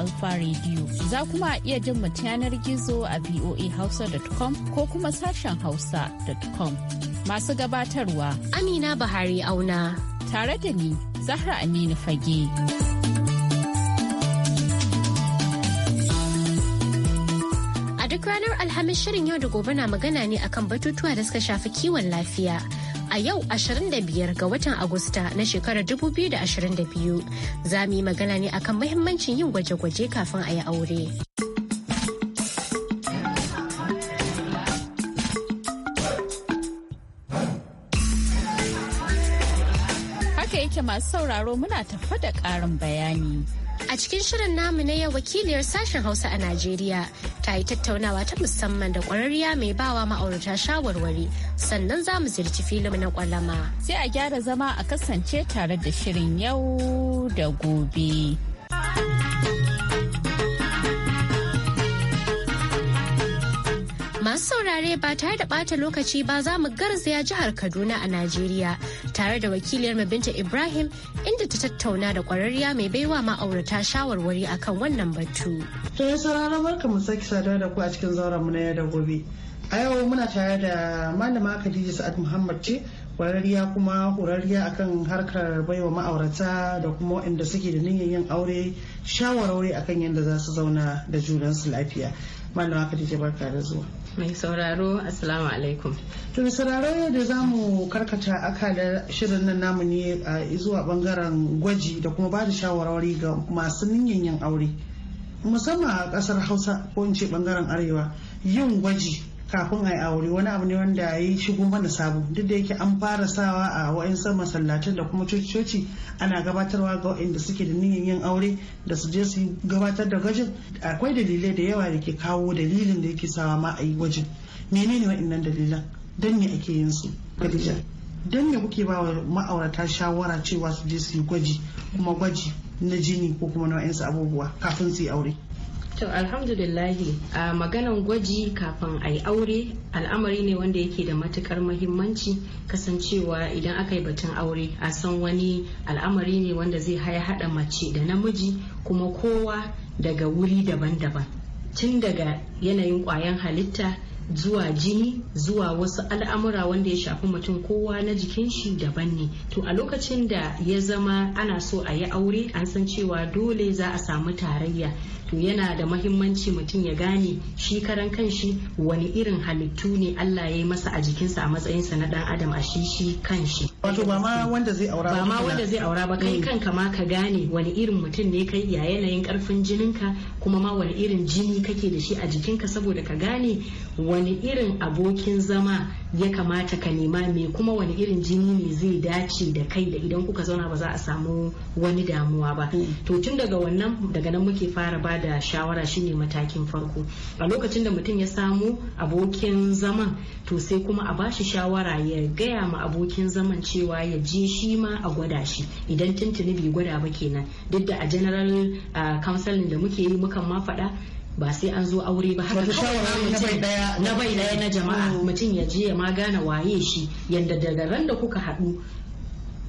Alfa Radio. Za kuma iya jin mu yanar gizo a voahausa.com ko kuma sashen hausa.com. Masu gabatarwa Amina Bahari Auna. Tare da ni, Zahra Aminu Fage. a duk ranar alhamis shirin yau da gobe na magana ne akan batutuwa da suka shafi kiwon lafiya a yau 25 ga watan Agusta na shekarar 2022 za mu yi magana ne akan mahimmancin yin gwaje-gwaje kafin a yi aure. Haka yake masu sauraro muna tafa da ƙarin bayani. A cikin shirin namu na yau wakiliyar sashen Hausa a Najeriya ta yi tattaunawa ta musamman da ƙwararriya mai bawa ma'aurata shawarwari sannan za mu zirci filim na kwalama. Sai a gyara zama a kasance tare da shirin yau da gobe. Masu saurare ba tare da ɓata lokaci ba za mu garzaya jihar Kaduna a Najeriya tare da wakiliyar Binta Ibrahim inda ta tattauna da kwararriya mai baiwa ma'aurata shawarwari akan wannan batu. To ya saurara barka mu saki sadar da ku a cikin zauren mu na yau da gobe. A yau muna tare da malama Khadija Sa'ad Muhammad ce kwararriya kuma horarriya akan harkar baiwa ma'aurata da kuma inda suke da niyyar yin aure shawarwari akan yadda za su zauna da junansu lafiya malama Khadija barka da zuwa mai sauraro assalamu alaikum to sauraro yau da zamu karkata akalar shirin nan namu ne zuwa bangaren gwaji da kuma ba da shawarwari ga masu niyan yin aure musamman a ƙasar hausa ko in ce bangaren arewa yin gwaji kafin a yi aure wani abu ne wanda ya yi shigo mana sabo duk da yake an fara sawa a wa'insu masallatai da kuma cococi ana gabatarwa ga wa'inda suke da niyan yin aure da su je su gabatar da gwajin akwai dalilai da yawa da ke kawo dalilin da yake sawa ma a yi gwajin menene wa'innan dalilan don me ake yin su Khadija don me kuke ba wa ma'aurata shawara cewa su je su yi gwaji kuma gwaji na jini ko kuma na wa'insu abubuwa kafin su yi aure To alhamdulillahi a maganan gwaji kafin a yi aure al'amari ne wanda yake da matukar mahimmanci kasancewa idan aka yi batun aure a san wani al'amari ne wanda zai haya hada mace da namiji kuma kowa daga wuri daban-daban tun daga yanayin kwayan halitta zuwa jini zuwa wasu al'amura wanda ya shafi mutum kowa na jikin shi daban ne to a lokacin da ya zama ana so a yi aure an san cewa dole za a samu tarayya to yana da mahimmanci mutum ya gane shi karan kanshi wani irin halittu ne Allah ya yi masa a jikinsa a matsayinsa na dan adam a shi shi kanshi wato ba ma wanda zai aura ba ma wanda zai aura ba kai mm. kanka ma ka gane wani irin mutum ne kai ya yanayin karfin jinin ka kuma ma wani irin jini kake da shi a jikinka saboda ka gane wani irin abokin zama ya kamata ka nema me kuma wani irin jini ne zai dace da kai da idan kuka zauna ba za a samu wani damuwa ba mm. to tun daga wannan daga nan muke fara ba da shawara shine matakin farko a lokacin da mutum ya samu abokin zaman to sai kuma a bashi shawara ya gaya ma abokin zaman cewa ya je shi ma a gwada shi idan tuntuni bai gwada ba kenan duk da a general counseling da muke yi mukan ma faɗa ba sai an zo aure ba haka kawai na bai daya na jama'a mm. mutum ya je ya magana waye shi yadda daga ran da kuka haɗu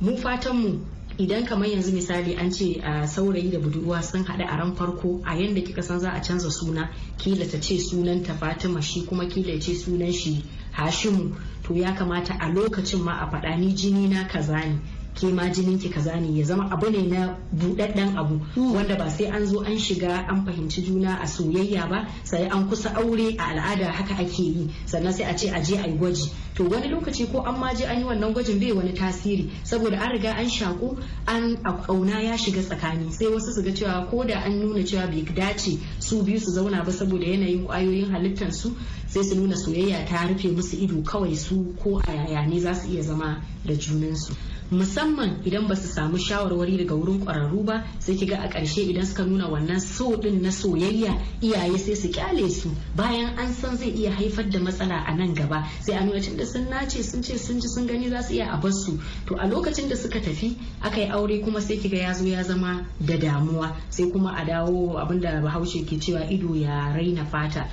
mu fatan mu idan kamar yanzu misali an ce a saurayi da budurwa sun haɗu a ran farko a yadda kika san za a canza suna kila ta ce sunan ta fatima shi kuma kila ce sunan shi hashimu to ya kamata a lokacin ma a faɗa ni jini na kaza ne ke ma jinin ki kaza ne ya zama abu ne na budadden abu hmm. wanda ba sai an zo an shiga an fahimci juna a soyayya ba sai an kusa aure a al'ada haka ake yi sannan sai a ce a je a yi gwaji to wani lokaci ko an ma je an yi wannan gwajin bai wani tasiri saboda an riga an shaku an kauna ya shiga tsakani sai wasu su ga cewa ko da an nuna cewa bai dace su biyu su zauna ba saboda yanayin kwayoyin halittar su sai su nuna soyayya ta rufe musu ido kawai su ko a yaya ne za su iya zama da junansu musamman idan ba su samu shawarwari daga wurin kwararru ba sai kiga a ƙarshe idan suka nuna wannan so din na soyayya iyaye sai su kyale su bayan an san zai iya haifar da matsala a nan gaba sai a nuna da sun nace sun ce sun ji sun gani za su iya a bar su to a lokacin da suka tafi aka yi aure kuma sai kiga ya zo ya zama da damuwa sai kuma a dawo abinda bahaushe ke cewa ido ya raina fata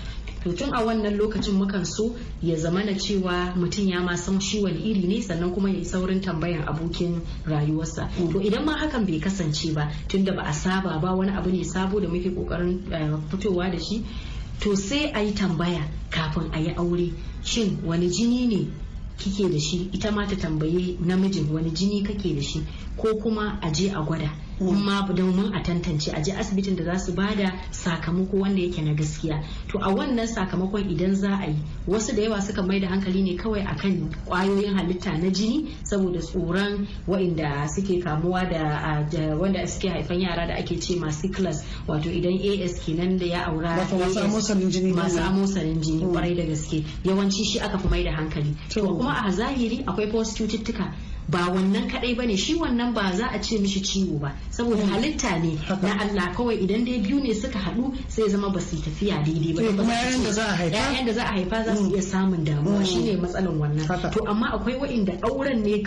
to tun a wannan lokacin mukan so ya zama na cewa mutum ya ma san shi wani iri ne sannan kuma ya yi saurin tambayan abokin rayuwarsa to idan ma hakan bai kasance ba tunda ba a saba ba wani abu ne sabo da muke kokarin eh, fitowa da shi to sai a yi tambaya kafin a yi aure shin wani jini ne kike da shi ita ma ta tambaye namijin wani jini kake da shi ko kuma a je a gwada kuma mm. domin a tantance a je asibitin da za su bada sakamako wanda yake na gaskiya to a wannan sakamakon idan za a yi wasu da yawa suka mai da hankali ne kawai akan kwayoyin halitta na jini saboda tsoron wa'inda suke kamuwa da wanda suke haifan yara da ake ce masu class wato idan as kenan da ya aura masu amosarin jini kwarai mm. da gaske yawanci shi aka fi mai da hankali to kuma a zahiri akwai wasu cututtuka ba wannan kadai bane shi wannan ba za a ce mishi ciwo ba saboda mm. halitta ne na Allah kawai idan dai biyu ne suka haɗu sai zama ba su tafiya daidai ba mm, kuma yayan da za a haifa yayan da za a haifa za su mm. iya samun damuwa shine matsalan wannan to amma akwai wa'inda auren ne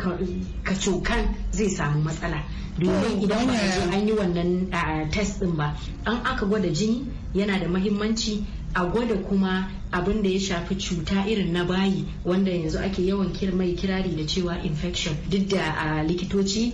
ka cokan zai samu matsala domin idan ba an yi wannan ah, test din ba an aka gwada jini yana da mahimmanci a gwada kuma abin da ya shafi cuta irin na bayi wanda yanzu ake yawan mai kirari da cewa infection duk da a likitoci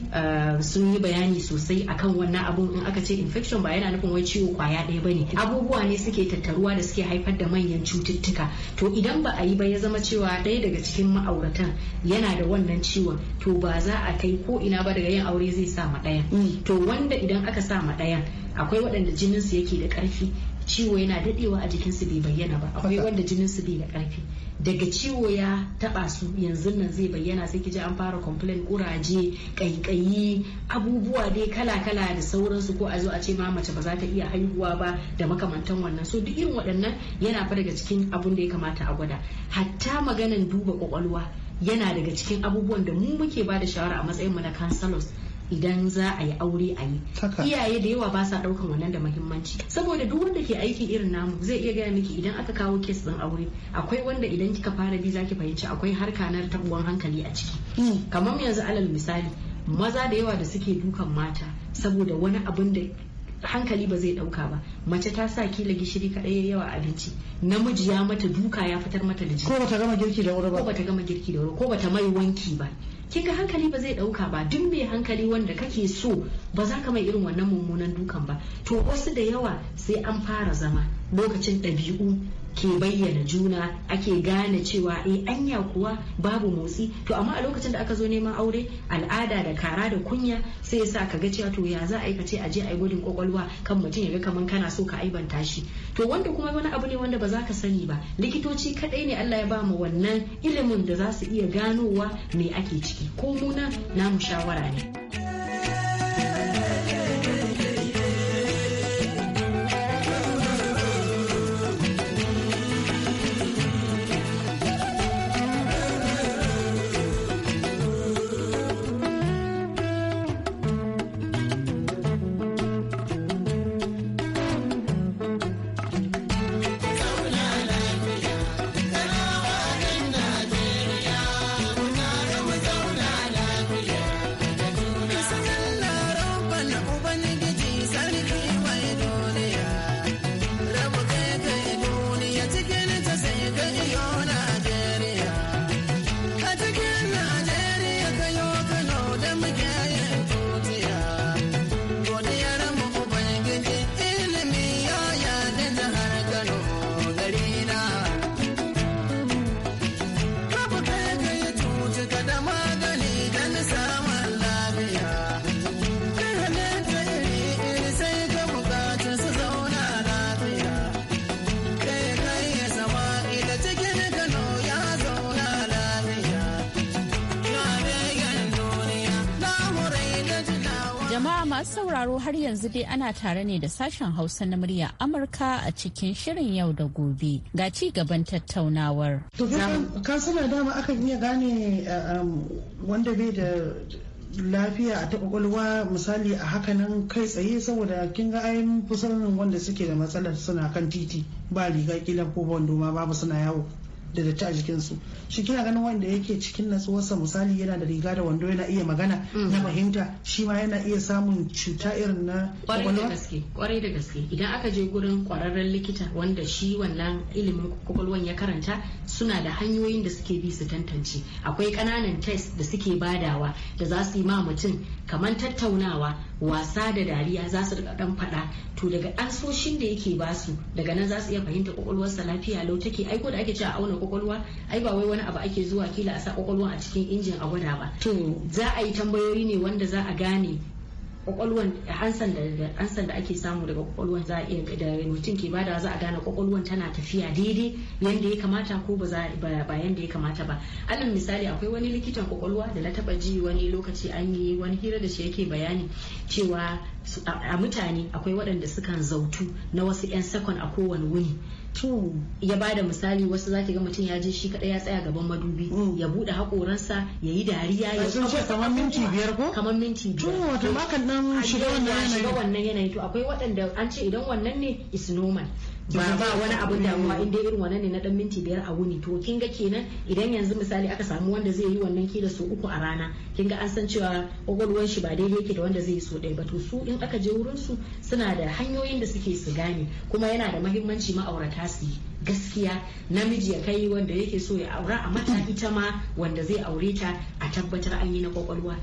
sun yi bayani sosai akan wannan abun in aka ce infection ba yana nufin wai ciwo kwaya ɗaya bane abubuwa ne suke tattaruwa da suke haifar da manyan cututtuka to idan ba a yi ba ya zama cewa ɗaya daga cikin ma'auratan yana da wannan ciwon to ba za a kai ko ina ba daga yin aure zai sa ma ɗayan to wanda idan aka sa ma ɗayan akwai waɗanda jininsu yake da ƙarfi ciwo yana dadewa a jikinsu bai bayyana ba akwai wanda jinin su bai da karfi daga ciwo ya taba su yanzu nan zai bayyana sai kiji an fara complain kuraje kaikayi abubuwa dai kala-kala da sauransu ko a zo a ce ma mace ba za ta iya haihuwa ba da makamantan wannan so duk irin waɗannan yana fa daga cikin abun da ya kamata a gwada hatta maganan duba kwakwalwa yana daga cikin abubuwan da mu muke ba da shawara a matsayin mu na counselors idan za a yi aure a yi iyaye da yawa ba sa daukan wannan da muhimmanci saboda duk wanda ke aiki irin namu zai iya gaya miki idan aka kawo kes din aure akwai wanda idan kika fara bi zaki fahimci akwai harka na tabuwan hankali a ciki hmm. kamar yanzu alal misali maza da yawa da suke dukan mata saboda wani abun da hankali ba zai dauka ba mace ta sa kila gishiri kadai yawa abinci namiji ya mata duka ya fitar mata da jiki ko bata gama girki da wuri ba ko bata gama girki da wuri ko bata mai wanki ba ga hankali ba zai dauka ba duk mai hankali wanda kake so ba za ka mai irin wannan mummunan dukan ba to wasu da yawa sai an fara zama lokacin ɗabi'u ke bayyana juna ake gane cewa e anya kuwa babu motsi to amma a lokacin da aka zo neman aure al'ada da kara da kunya sai ya sa ka ga cewa to ya za a yi ka ce a je a yi gudun kwakwalwa kan mutum ya ga kamar kana so ka aibanta shi to wanda kuma wani abu ne wanda ba za ka sani ba likitoci kadai ne Allah ya ba mu wannan ilimin da za su iya ganowa me ake ciki ko muna namu shawara ne. sauraro har yanzu dai ana tare ne da sashen Hausa na murya Amurka a cikin shirin yau da gobe ga ci gaban tattaunawar. To suna dama akan iya gane eh, um, wanda bai da lafiya a ta kwakwalwa misali a haka nan kai tsaye saboda kin ga ayin fusarin wanda suke da matsalar suna kan titi ba riga kila ko bando ma babu suna yawo da datti a jikinsu shi kina ganin wanda yake cikin natsuwarsa misali yana da riga da wando yana iya magana mm. na fahimta shi ma yana iya samun cuta irin na kwarai da gaske idan aka je gurin kwararren likita wanda shi wannan ilimin kwakwalwan ya karanta suna da hanyoyin da suke bi su tantance akwai kananan test da suke badawa da za su yi ma mutum kamar tattaunawa wasa da dariya za su riga dan faɗa to daga ansoshin da yake su daga nan za su iya fahimta sa lafiya lau take ai ko da ake cewa auna kwakwalwa ai ba wai wani abu ake zuwa kila a sa kwakwalwa a cikin injin a gwada ba to za a yi tambayoyi ne wanda za a gane kwakwalwan ansan da ake samu daga kwakwalwan za a iya da mutum ke bada za a gane kwakwalwan tana tafiya daidai yanda ya kamata ko ba yanda ya kamata ba alal misali akwai wani likitan kwakwalwa da na taba ji wani lokaci an yi wani hira da shi yake bayani cewa a mutane akwai waɗanda sukan zautu na wasu 'yan sakon a kowane wuni to ya bada misali wasu zaki ga mutum ya je shi kadai ya tsaya gaban madubi mm. ya bude hakoransa ya yi dariya ya sun ce kamar minti biyar ko kamar minti biyar to wato makan dan shiga wannan yanayi shiga wannan yanayi to akwai waɗanda an ce idan wannan ne is normal ba wani abun damuwa in dai irin wannan ne na dan minti biyar a wuni to kin ga kenan idan yanzu misali aka samu wanda zai yi wannan kila su uku a rana kin ga an san cewa kwakwalwar shi ba daidai yake da wanda zai yi so ɗaya ba to su in aka je wurin su suna da hanyoyin da suke su gane kuma yana da mahimmanci ma'aurata su yi gaskiya namiji ya kai wanda yake so ya aura a mata ita ma wanda zai aure ta a tabbatar an yi na kwakwalwa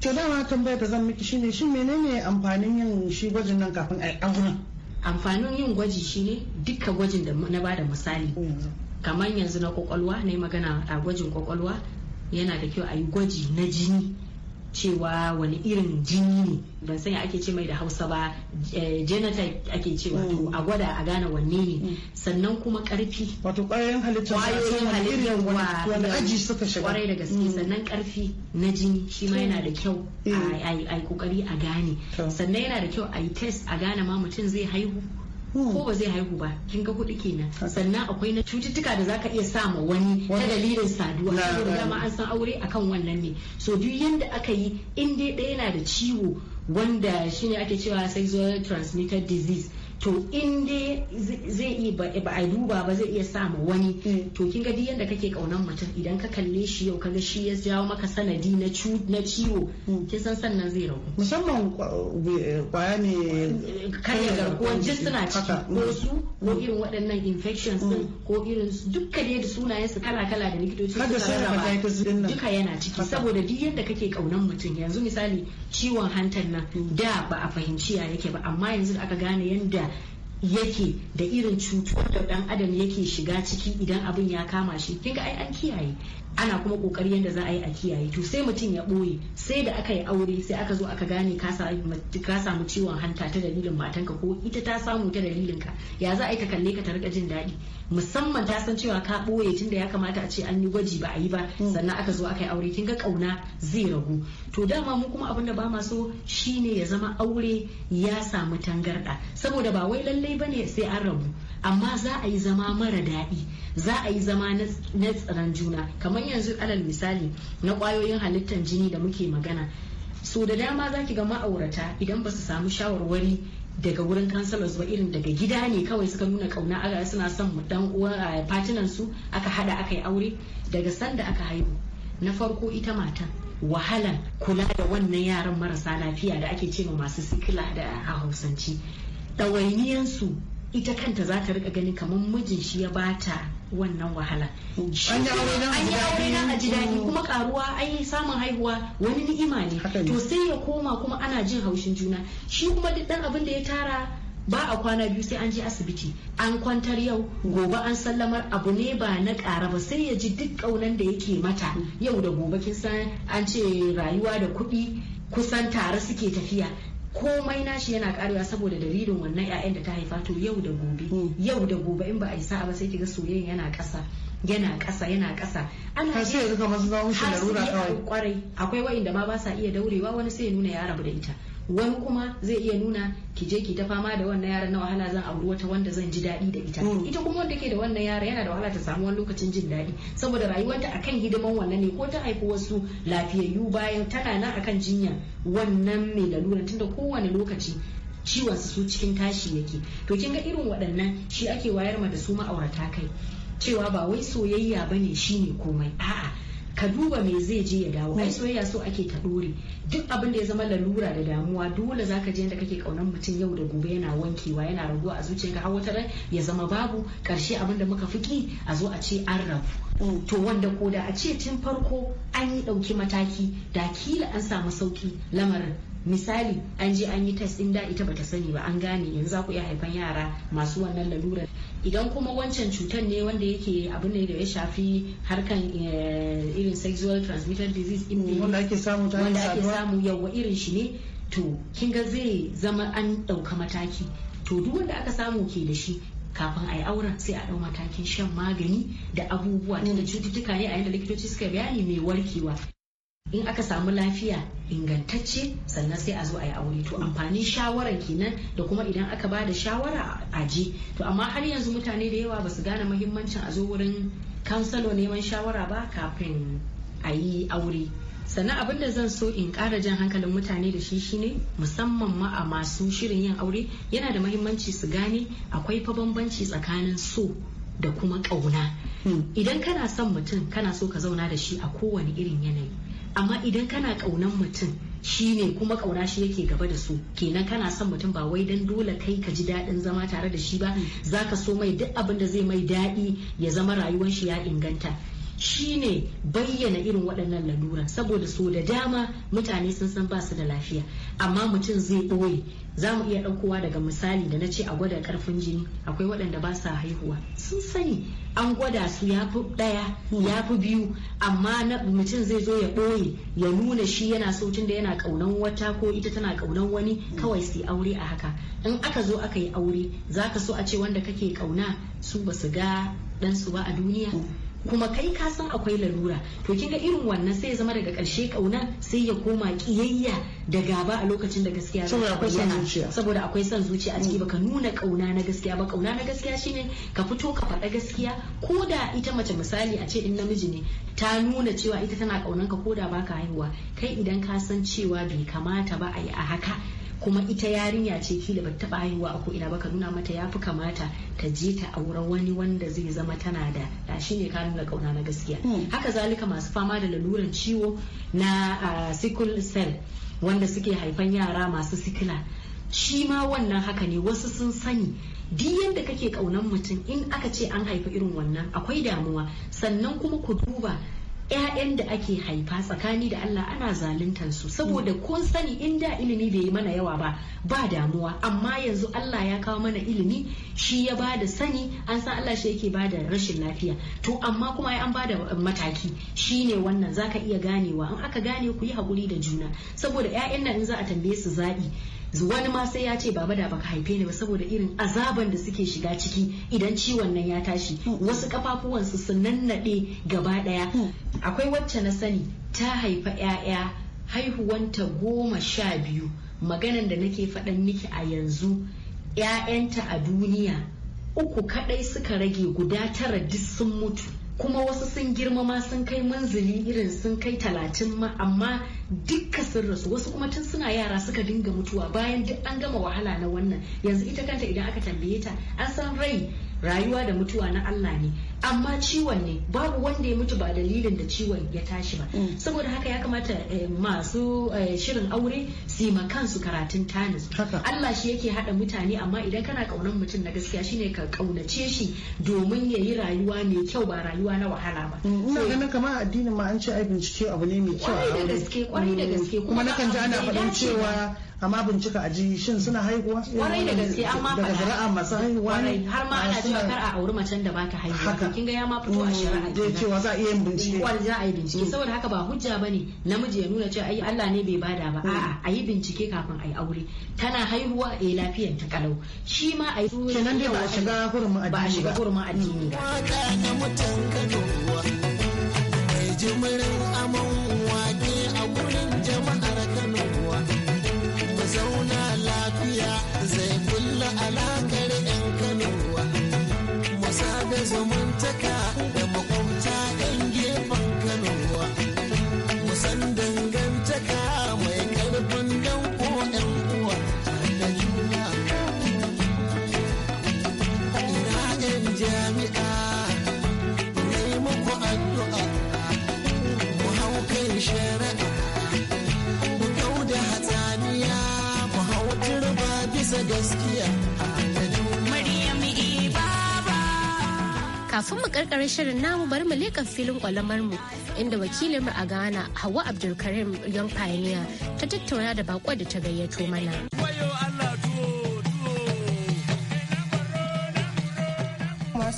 to dama tambayar da zan miki shine shin menene amfanin yin shi gwajin nan kafin a yi auren amfanin yin gwaji shine duka gwajin da na bada misali kamar yanzu na kwakwalwa na yi magana a gwajin kwakwalwa yana da kyau a yi gwaji na jini cewa wani irin jini ne ban sanya ake ce mai da hausa ba eh, genotype ake cewa to a gwada a gane wanne ne mm. sannan kuma karfi wato kwayoyin halitta kwayoyin halitta wanda aji suka shiga kwarai da gaske mm. sannan karfi na jini shi ma yana da kyau mm. a kokari a gane sannan yana da kyau a yi test a gane ma mutum zai haihu Hmm. ko ba zai haihu ba kin ga kuɗi kenan sannan akwai na cututtuka da zaka iya sa ma wani ta dalilin saduwa saboda dama an san aure akan wannan ne so duk yanda aka yi in dai ɗaya yana da ciwo wanda shine ake cewa sexual transmitted disease to in dai zai yi ba a duba ba zai iya samu wani mm. to kin ga yadda kake kaunan mutum idan ka kalle shi yau kaga shi ya jawo maka sanadi na na ciwo mm. kin san sannan zai rauku musamman eh, kwaya ne kare garkuwar jin suna ciki ko su mm. ko irin waɗannan infections din ko irin dukkan dai da sunayen su kala kala da likitoci suka rarraba duka yana ciki saboda duk yadda kake kaunan mutum yanzu misali ciwon hantar nan da ba a fahimci ya yake ba amma yanzu aka gane yadda yake da irin cutar da dan adam yake shiga ciki idan abin ya kama shi kinga ai an kiyaye ana kuma kokari yadda za a yi a kiyaye to sai mutum ya ɓoye sai da aka yi aure sai aka zo aka gane ka samu ciwon hanta ta dalilin matanka ko ita ta samu ta dalilin ka ya za a yi ka kalle ka ta jin daɗi musamman ta san cewa ka ɓoye tunda ya kamata a ce an yi gwaji ba a yi ba mm. sannan aka zo aka yi aure kin ga kauna zai ragu to dama mu kuma abin da ba ma so shine ya zama aure ya samu tangarɗa saboda ba wai lallai bane sai an rabu amma za a yi zama mara daɗi za a yi zama na tsaron juna kamar yanzu alal misali na ƙwayoyin halittar jini da muke magana so da dama za ki ga ma'aurata idan ba su samu shawarwari daga wurin kansalos ba irin daga gida ne kawai suka nuna kauna aga suna son dan uwa a su aka hada aka yi aure daga sanda aka haihu na farko ita matan wahalan kula da wannan yaran marasa lafiya da ake cewa masu sikila da a hausance ɗawainiyansu ita kanta za ta rika gani kamar mijin shi ya bata wannan wahala. An yi aure na ji daɗi kuma karuwa an yi samun haihuwa wani ni'ima ne. To sai ya koma kuma ana jin haushin juna. Shi kuma duk ɗan abin da ya tara ba a kwana biyu sai an je asibiti an kwantar yau gobe an sallamar abu ne ba na ƙara ba sai ya ji duk ƙaunan da yake mata yau da gobe kin san an ce rayuwa da kuɗi kusan tare suke tafiya komai nashi yana karewa saboda dalilin wannan 'ya'yan da ta haifa to yau da gobe mm. yau da gobe in ba a yi sa'a ba sai kiga soyayyen yana ƙasa yana kasa yana ƙasa ana sai ya su zama larura kawai akwai wa'inda ma ba sa iya daurewa wani sai ya nuna ya rabu da ita wani kuma zai iya nuna ki je ki ta fama da wannan yara na wahala zan auri wata wanda zan ji daɗi da ita mm. ita kuma wanda ke da wannan yara yana da wahala ta samu wani lokacin jin daɗi saboda rayuwarta akan hidiman wannan ne ko ta haifi wasu lafiyayyu bayan tana nan akan jinya wannan mai lalura tunda kowane lokaci ciwon su cikin tashi yake to kin ga irin waɗannan shi ake wayar ma da su ma'aurata kai cewa ba wai soyayya bane shine komai a'a ka duba me zai je ya dawo ai soyayya so ake ta dore duk abin da ya zama lalura da damuwa dole zaka je yadda kake kaunar mutum yau da gobe yana wankewa yana raguwa a zuciyarka har wata ran ya zama babu karshe abin da muka fiki a zo a ce an rabu mm. to wanda ko da a ce tun farko an yi dauki mataki da kila an samu sauki lamarin misali an je an yi test da ita bata sani ba an gane yanzu za ku iya haifan yara masu wannan lalurar idan kuma wancan cutar ne wanda yake abu ne da ya shafi harkan eh, irin sexual transmitted disease in wanda ake wanda ake samu yawa irin shi ne to kin ga zai zama an dauka mataki to duk wanda aka samu ke da shi kafin a yi auren sai a dau matakin shan magani da abubuwa da cututtuka ne a yadda likitoci suka bayani mai warkewa in aka samu lafiya ingantacce sannan sai a zo a yi aure to amfani shawara kenan da kuma idan aka ba da shawara a je to amma har yanzu mutane da yawa ba su gane mahimmancin a zo wurin kansalo neman shawara ba kafin a yi aure sannan abin da zan so in kara jan hankalin mutane da shi shine musamman ma a masu shirin yin aure yana da mahimmanci su gane akwai fa bambanci tsakanin so da kuma ƙauna hmm. idan kana son mutum kana so ka zauna da shi a kowane irin yanayi amma idan kana kaunan mutum shi ne kuma kauna shi yake gaba da su kenan kana son mutum ba wai dan dole kai ka ji daɗin zama tare da shi ba zaka so mai duk abin da zai mai daɗi ya zama rayuwar shi ya inganta shi ne bayyana irin waɗannan lalura saboda so da dama mutane sun san ba su da lafiya amma mutum zai ɓoye za mu iya ɗaukowa daga misali da na ce a gwada ƙarfin jini akwai waɗanda ba sa haihuwa sun sani an gwada su ya fi ɗaya ya fi biyu amma na mutum zai zo ya ɓoye ya nuna shi yana so da yana ƙaunan wata ko ita tana ƙaunan wani kawai su aure a haka in aka zo aka yi aure za ka so a ce wanda kake ƙauna su ba su ga ɗansu ba a duniya kuma kai ka san akwai lalura to kin ga irin wannan sai ya zama daga ƙarshe kauna sai ya koma kiyayya da gaba a lokacin da gaskiya akwai san zuciya saboda akwai son zuciya a ciki baka nuna kauna na gaskiya ba kauna na gaskiya shine ka fito ka faɗa gaskiya ko da ita mace misali a ce in namiji ne ta nuna cewa ita tana kaunanka ko da baka haihuwa kai idan ka san cewa bai kamata ba a yi a haka kuma ita yarinya ce kila ba taɓa haihuwa a ko'ina ba ka nuna mata ya fi kamata ta je ta aure wani wanda zai zama tana da da shi ne ka nuna kauna na gaskiya hmm. haka zalika masu fama da laluran ciwo na sickle cell wanda suke haifan yara masu sikila shi ma wannan haka ne wasu sun sani duk yadda kake kaunan mutum in aka ce an haifi irin wannan akwai damuwa sannan kuma ku duba 'ya'yan da ake haifa tsakani da Allah ana zaluntar su saboda kun sani in da ilimi bai yi mana yawa ba ba damuwa amma yanzu Allah ya kawo mana ilimi shi ya ba da sani an san Allah shi yake bada rashin lafiya to amma kuma an ba da mataki ne wannan zaka iya ganewa in aka gane ku yi hakuri da juna saboda 'ya'yan nan in za a tambaye su zaɓi wani ma sai ya ce baba da baka haife ni ba saboda irin azaban da suke shiga ciki idan ciwon nan ya tashi wasu kafafuwansu su nannaɗe gaba ɗaya akwai wacce na sani ta haifa 'ya'ya haihuwan ta goma sha biyu maganan da nake faɗan niki a yanzu 'ya'yanta a duniya uku kaɗai suka rage guda tara duk sun mutu kuma wasu sun girma ma sun kai manzili irin sun kai talatin ma amma dukka sun rasu wasu kuma tun suna yara suka dinga mutuwa bayan duk an gama wahala na wannan yanzu ita kanta idan aka tambaye ta an san rai rayuwa da mutuwa na Allah ne amma ciwon ne babu wanda ya mutu ba dalilin da ciwon ya tashi ba mm. saboda haka ya kamata eh, masu eh, shirin aure su yi kansu karatun tanis Allah shi yake hada mutane amma idan kana kaunar mutum na gaskiya shine ka kaunace shi domin ya yi rayuwa mai kyau ba rayuwa na wahala ba mm, ina ganin kamar addinin ma an ce ai bincike abu ne mai kyau a kwarai da mm, gaske kuma nakan ji ana faɗin cewa amma bincika a ji shin suna haihuwa kwarai da gaske amma daga shari'a masu haihuwa ne har ma ana cewa kar a auri macen da bata haihuwa kin ga ya ma fito a mm, shari'a da cewa za a iya yin bincike kwarai za a yi bincike mm. saboda haka ba hujja bane namiji ya nuna cewa ai Allah ne bai bada ba mm. a'a a yi bincike kafin a yi aure tana haihuwa eh lafiyar ta kalau shi ma a yi kenan ne ba a shiga hurumin addini ba a shiga hurumin addini ba ka mutan ka mai jimirin amon zamantaka da makwabta ɗan gefen Kano ruwa. san dangantaka mai karfin danko yan uwa da juna. Ina ɗan jami'a, nai muku addu'a, mu hau kan shari'a, mu kau da hatsaniya, mu hau turba bisa gaskiya. kafin mu karkare shirin namu bari mu leƙa filin kwalamar mu inda wakilin mu a Ghana Hauwa Abdulkarim yan Pioneer ta tattauna da bako da ta gayyato mana.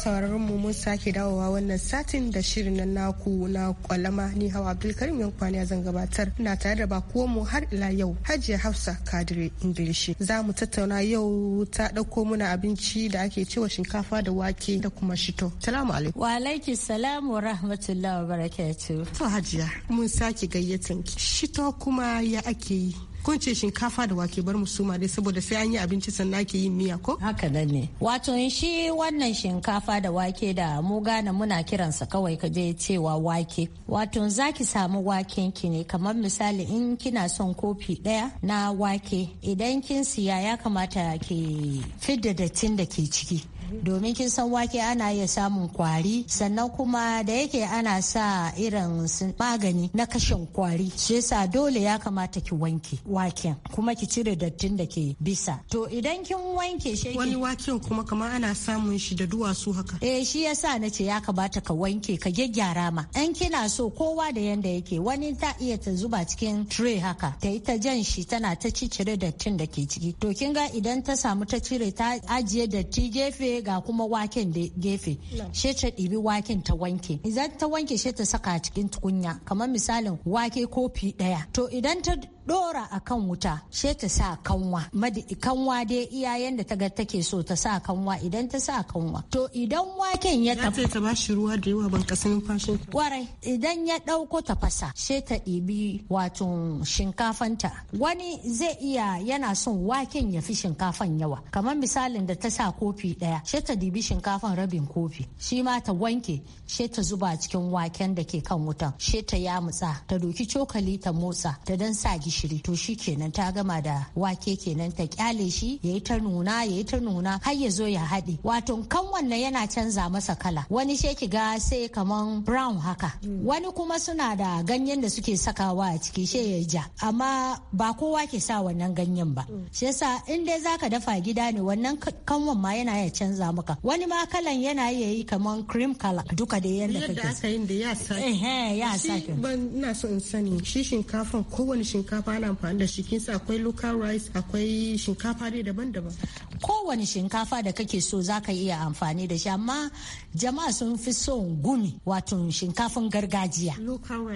sauraron mu mun sake dawowa wannan satin da shirin na naku na kwalama ni hawa Abdulkarim Yankwani zan gabatar na tare da bakuwan mu har ila yau Hajiya Hafsa Kadire Ingilishi. Za mu tattauna yau ta ɗauko muna abinci da ake cewa shinkafa da wake da kuma shito. Salamu alaikum. Wa alaiki salam wa rahmatullahi wa barakatuh. To Hajiya mun sake gayyatan ki. Shito kuma ya ake yi. ko ce shinkafa da wake bar musuma dai saboda sai an yi abinci sannan ake yin miya ko haka nan ne wato shi wannan shinkafa da wake da mu gane muna kiransa kawai ka je cewa wake wato zaki samu waken ki ne kamar misali in kina son kofi daya na wake idan kin siya ya kamata ki fidda dattin da ke ciki domin kin san wake ana iya samun kwari sannan kuma da yake ana sa irin magani na kashin kwari shi yasa dole ya kamata ki wanke waken kuma ki cire dattin da ke bisa to idan kin wanke shi wani waken kuma kamar ana samun shi da duwatsu haka eh shi yasa na ce ya kamata ka wanke ka gyaggyara ma an kina so kowa da yanda yake wani ta iya ta zuba cikin tray haka ta yi ta jan shi tana ta cire dattin da ke ciki to kin ga idan ta samu ta cire ta ajiye datti gefe ga kuma waken da gefe she ta ɗibi waken ta wanke idan ta wanke she ta saka cikin tukunya kamar misalin wake kofi ɗaya to idan ta dora a kan wuta she ta sa kanwa madi kanwa dai iyayen da ta ga take so ta sa kanwa idan ta sa kanwa to idan waken ya ta ta ba shi ruwa da yawa ban kasan fashin kwarai idan ya dauko ta fasa she ta ibi wato shinkafanta wani zai iya yana son waken ya fi shinkafan yawa kamar misalin da ta sa kofi daya she ta dibi shinkafan rabin kofi shi ma ta wanke she ta zuba cikin waken da ke kan wutan she ta yamutsa ta doki cokali ta motsa ta dan sa gishiri to shi kenan ta gama da wake kenan ta kyale shi ya yi ta nuna ya yi ta nuna har ya zo ya haɗe wato kan wannan yana canza masa kala wani shi ki ga sai kaman brown haka wani kuma suna da ganyen da suke sakawa a ciki shi ya ja amma ba kowa ke sa wannan ganyen ba shi yasa in dai zaka dafa gida ne wannan kanwan ma yana ya canza maka wani ma kalan yana ya yi kaman cream color duka da yanda kake yadda aka yin da ya sake ya sa ban ina so in sani shi shinkafan kowane shinkafa fara amfani da shi kin sa akwai local rice akwai shinkafa ne daban-daban kowane shinkafa da kake so zaka iya amfani da shi amma jama'a sun fi son gumi wato shinkafin gargajiya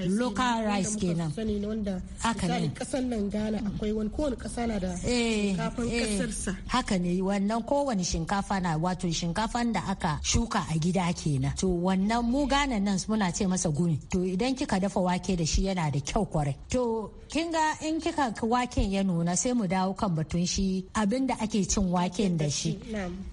local rice kenan haka ne kasan nan gana akwai wani kowane kasa na da eh, shinkafan kasarsa eh. haka ne wannan kowane shinkafa na wato shinkafan da aka shuka a gida kenan to wannan mu gana nan muna ce masa gumi to idan kika dafa wake da shi yana da kyau kwarai to kin ga in kika waken ya nuna sai mu dawo kan batun shi abin da ake cin waken da shi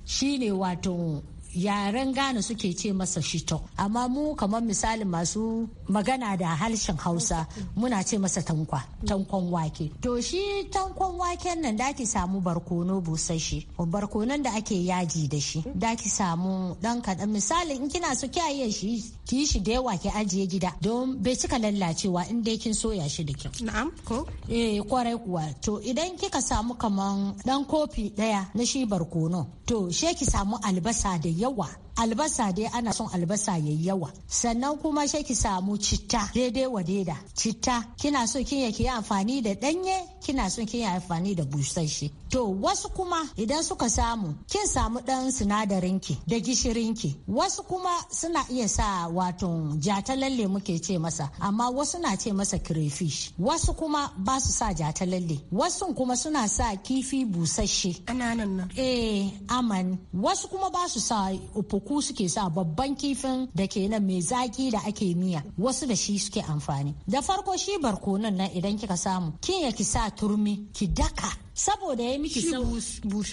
shine wato yaren Ghana suke ce masa shito amma mu kamar misali masu magana da harshen Hausa muna ce masa tankwa tankon wake to shi tankon waken nan da ki samu barkono busasshe barkonon da ake yaji da shi da ki samu dan kaɗan misali in kina so kiyaye shi ki shi da yawa ki ajiye gida don bai cika lallacewa in dai kin soya shi da kyau na'am ko eh kwarai kuwa to idan kika samu kaman dan kofi daya na shi barkono to she ki samu albasa da 一晚。albasa dai ana son albasa ya yi yawa sannan kuma sai ki samu citta daidai wa daida citta kina so kin yake yi amfani da danye kina so kin yi amfani da busasshe to wasu kuma idan suka samu kin samu dan sinadarin ki da gishirin ki wasu kuma suna iya sa wato jatalalle muke ce masa amma wasu na ce masa crayfish wasu kuma ba su sa jatalalle wasu kuma suna sa kifi busasshe ƙananan nan eh aman wasu kuma ba su sa upuku ko suke sa babban kifin da ke nan mai zaki da ake miya wasu da shi suke amfani da farko shi barkonon nan idan kika samu kin ya ki sa turmi ki daka saboda ya miki sauri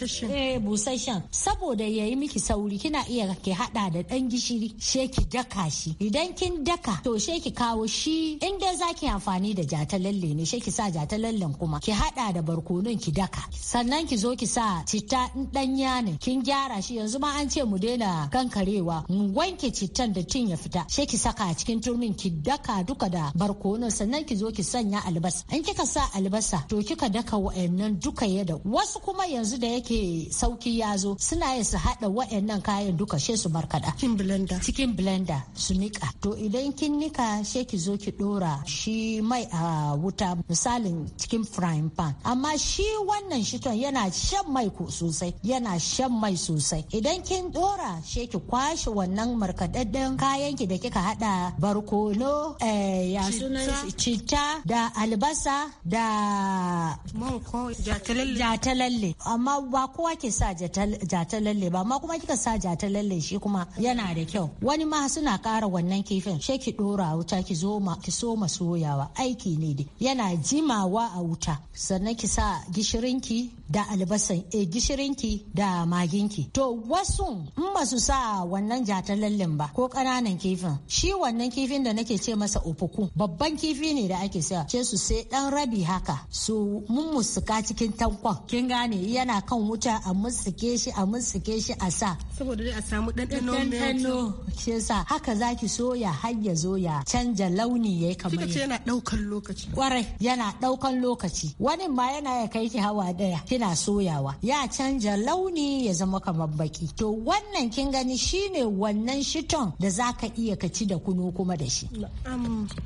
eh, saboda ya miki sauri kina iya ki hada da dan gishiri she ki daka shi idan kin daka to she ki kawo shi in dai zaki amfani da jatalalle ne she ki sa jatalallen kuma ki hada da barkonon ki daka sannan ki zo ki sa citta danya ne kin gyara shi yanzu ma an ce mu daina kankarewa mu wanke cittan da tin ya fita she ki saka a cikin turmin ki daka duka da barkonon sannan ki zo ki sanya albasa in kika sa albasa to kika daka wa'annan duk duka ya wasu kuma yanzu da yake sauki ya zo suna yin su haɗa wa'annan kayan duka she su markaɗa cikin blender cikin blender su nika to idan kin nika she ki zo ki dora shi mai a wuta misalin cikin frying pan amma shi wannan shiton yana shan mai sosai yana shan mai sosai idan kin ɗora she ki kwashe wannan markaɗaɗɗen kayan ki da kika hada barkono eh, ya da albasa da jatalalle amma ba kowa ke sa jatalalle ba amma kuma kika sa jatalalle shi kuma yana da kyau wani ma suna kara wannan kifin she ki dora wuta ki zo ma ki so ma soyawa aiki ne dai yana jimawa a wuta sannan ki sa gishirinki da albasan e eh, ki da maginki to wasu in ba su sa wannan jatalallen ba ko ƙananan kifin shi wannan kifin da nake ce masa ofuku babban kifi ne da ake sa ce su sai dan rabi haka su musuka cikin tankon kin gane yana kan wuta a mutsike shi a mutsike shi a sa saboda dai a samu ɗanɗano ɗanɗano shi yasa haka zaki soya har ya zo ya canja launi yayi kamar kika ce yana ɗaukan lokaci kwarai yana ɗaukan lokaci wani ma yana ya kai ki hawa ɗaya kina soyawa ya canja launi ya zama kamar baki to wannan kin gani shine wannan shiton da zaka iya ka ci da kunu kuma da shi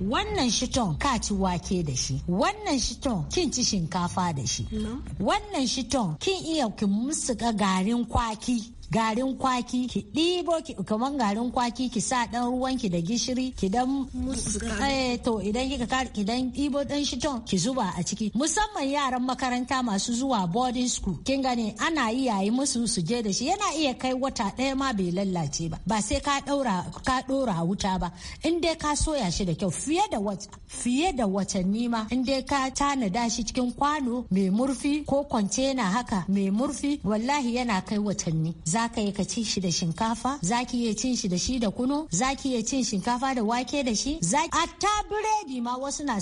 wannan shiton ka ci wake da shi wannan shiton kin ci shinkafa da shi Wannan shiton kin iya ki musu garin kwaki garin kwaki ki ɗibo kaman garin kwaki ki sa ɗan ruwan ki da gishiri ki dan eh, to idan kika kar ki dan ɗibo ɗan shiton ki zuba a ciki musamman yaran makaranta masu zuwa boarding school kin gane ana yi yayi musu su je da shi yana iya kai wata ɗaya ma bai lallace ba ba sai ka ɗaura ka ɗora wuta ba in dai ka soya shi da kyau fiye da fiye da watanni ma in dai ka tanada shi cikin kwano mai murfi ko kwantena haka mai murfi wallahi yana kai watanni za za ka yi ka cin shi da shinkafa zaki ki iya cin shi da shi da kuno za iya cin shinkafa da wake da shi a ta biredi ma wasu na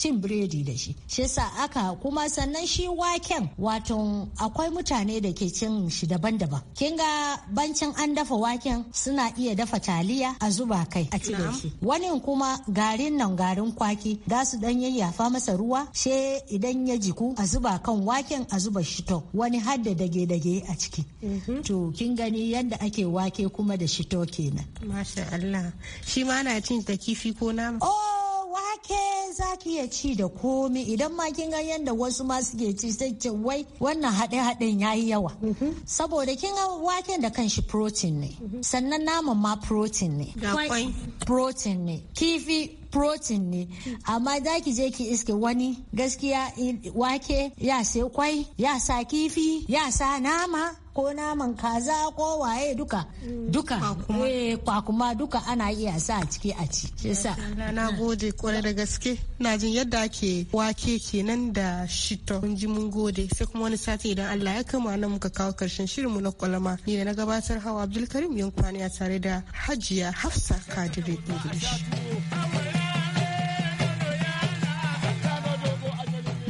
cin biredi da shi shi sa aka kuma sannan shi waken wato akwai mutane da ke cin shi daban-daban kin ga bancin an dafa waken suna iya dafa taliya a zuba kai a ci da shi wani kuma garin nan garin kwaki za su dan yayyafa masa ruwa she idan ya jiku a zuba kan waken a zuba shi to wani har da dage-dage a ciki mm-hmm. to kin gani yadda ake wake kuma da shito kenan masha Allah shi ma ana cin ta kifi ko nama oh, wake za ki iya ci da komi idan ma kin gan yadda wasu ma suke ci sai ce wai wannan haɗe haɗin ya yi yawa mm-hmm. saboda kin ga waken da kanshi protein ne mm-hmm. sannan naman ma protein ne protein ne kifi protein ne amma za ki je ki iske wani gaskiya wake ya sai kwai ya sa kifi ya sa nama ko naman kaza ko waye duka mm. duka eh, kwakuma duka ana iya sa a ciki a ci na gode kwarai da gaske na jin yadda ake wake kenan da shito Mun ji mun gode sai kuma wani sati idan Allah ya kama nan muka kawo karshen mu na kwalama ni da na gabatar hawa Abdulkarim Yankwani tare da Hajiya Hafsa Kadiri English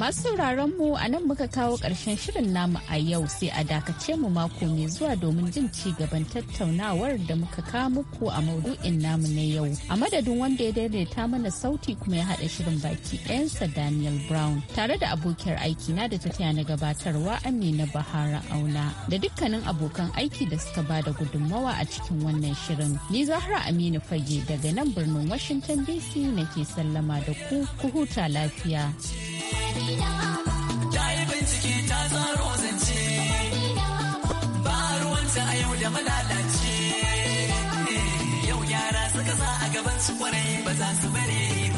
Masu sauraron mu a nan muka kawo ƙarshen shirin namu a yau sai a dakace mu mako mai zuwa domin jin ci gaban tattaunawar da muka kawo muku a maudu'in namu na yau. A madadin wanda ya daidaita mana sauti kuma ya haɗa shirin baki ɗayansa Daniel Brown tare da abokiyar aiki na da ta taya na gabatarwa Amina Bahara Auna da dukkanin abokan aiki da suka ba da gudunmawa a cikin wannan shirin. Ni Zahra Aminu Fage daga nan birnin Washington DC nake sallama da ku ku huta lafiya. Ta yi bincike ta tsaro zance, ba ruwanta a yau da malalace. Eh, yau yara suka sa a gaban su kwarai ba za su bare